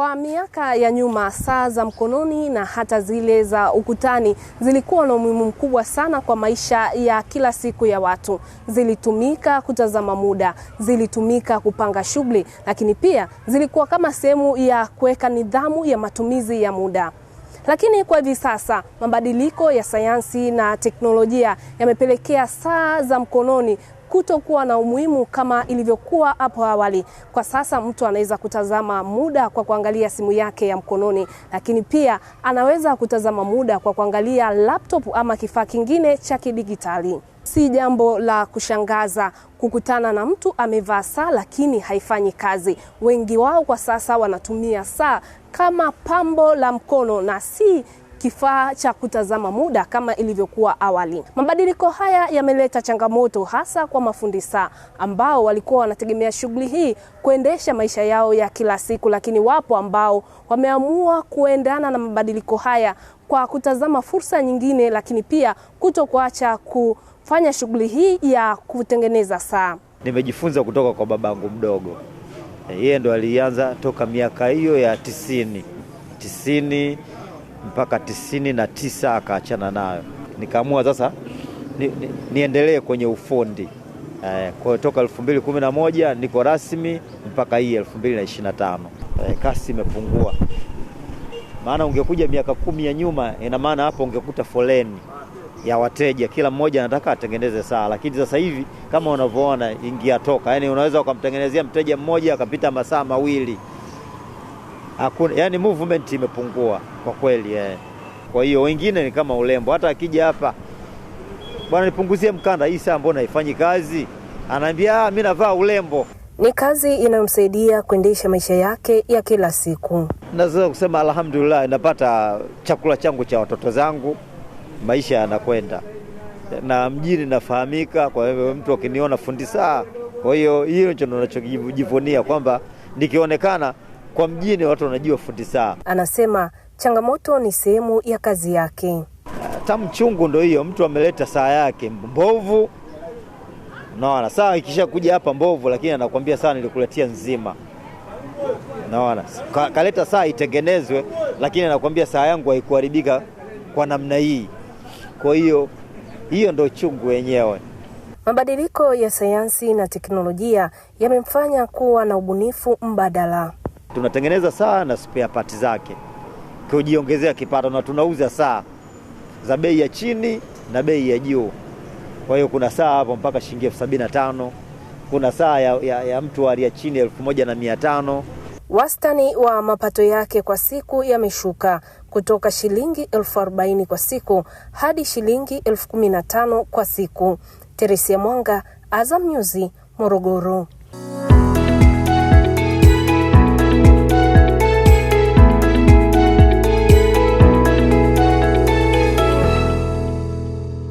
Kwa miaka ya nyuma, saa za mkononi na hata zile za ukutani zilikuwa na umuhimu mkubwa sana kwa maisha ya kila siku ya watu. Zilitumika kutazama muda, zilitumika kupanga shughuli, lakini pia zilikuwa kama sehemu ya kuweka nidhamu ya matumizi ya muda. Lakini kwa hivi sasa mabadiliko ya sayansi na teknolojia yamepelekea saa za mkononi kutokuwa na umuhimu kama ilivyokuwa hapo awali. Kwa sasa mtu anaweza kutazama muda kwa kuangalia simu yake ya mkononi, lakini pia anaweza kutazama muda kwa kuangalia laptop ama kifaa kingine cha kidigitali. Si jambo la kushangaza kukutana na mtu amevaa saa lakini haifanyi kazi. Wengi wao kwa sasa wanatumia saa kama pambo la mkono na si kifaa cha kutazama muda kama ilivyokuwa awali. Mabadiliko haya yameleta changamoto hasa kwa mafundi saa ambao walikuwa wanategemea shughuli hii kuendesha maisha yao ya kila siku, lakini wapo ambao wameamua kuendana na mabadiliko haya kwa kutazama fursa nyingine, lakini pia kutokuacha kufanya shughuli hii ya kutengeneza saa. Nimejifunza kutoka kwa babangu mdogo, yeye ndo alianza toka miaka hiyo ya tisini tisini mpaka tisini na tisa akaachana nayo. Nikaamua sasa ni, ni, niendelee kwenye ufundi eh, kwa toka elfu mbili kumi na moja niko rasmi mpaka hii elfu mbili na ishirini na tano eh, kasi imepungua. Maana ungekuja miaka kumi ya nyuma, ina maana hapo ungekuta foleni ya wateja, kila mmoja anataka atengeneze saa. Lakini sasa hivi kama unavyoona, ingia toka, yani unaweza ukamtengenezea mteja mmoja akapita masaa mawili hakuna, yani movement imepungua kwa kweli eh. Kwa hiyo wengine ni kama ulembo, hata akija hapa bwana, nipunguzie mkanda hii saa, mbona haifanyi kazi? Anaambia ah, mimi navaa ulembo. Ni kazi inayomsaidia kuendesha maisha yake ya kila siku. Naweza kusema alhamdulillah, napata chakula changu cha watoto zangu, maisha yanakwenda na mjini nafahamika, kwa hiyo mtu akiniona fundi saa. Kwa hiyo hiyo ndio ninachojivunia kwamba nikionekana kwa mjini watu wanajua fundi saa. Anasema changamoto ni sehemu ya kazi yake. Tamu chungu ndo hiyo, mtu ameleta saa yake mbovu, naona saa ikisha kuja hapa mbovu, lakini anakuambia saa nilikuletia nzima. Naona ka, kaleta saa itengenezwe, lakini anakuambia saa yangu haikuharibika kwa namna hii. Kwa hiyo hiyo ndo chungu yenyewe Mabadiliko ya sayansi na teknolojia yamemfanya kuwa na ubunifu mbadala. Tunatengeneza saa na spare parts zake kujiongezea kipato, na tunauza saa za bei ya chini na bei ya juu. Kwa hiyo kuna saa hapo mpaka shilingi elfu sabini na tano kuna saa ya, ya, ya mtu hali ya chini elfu moja na mia tano. Wastani wa mapato yake kwa siku yameshuka kutoka shilingi elfu arobaini kwa siku hadi shilingi elfu kumi na tano kwa siku. Teresia Mwanga, Azam News, Morogoro.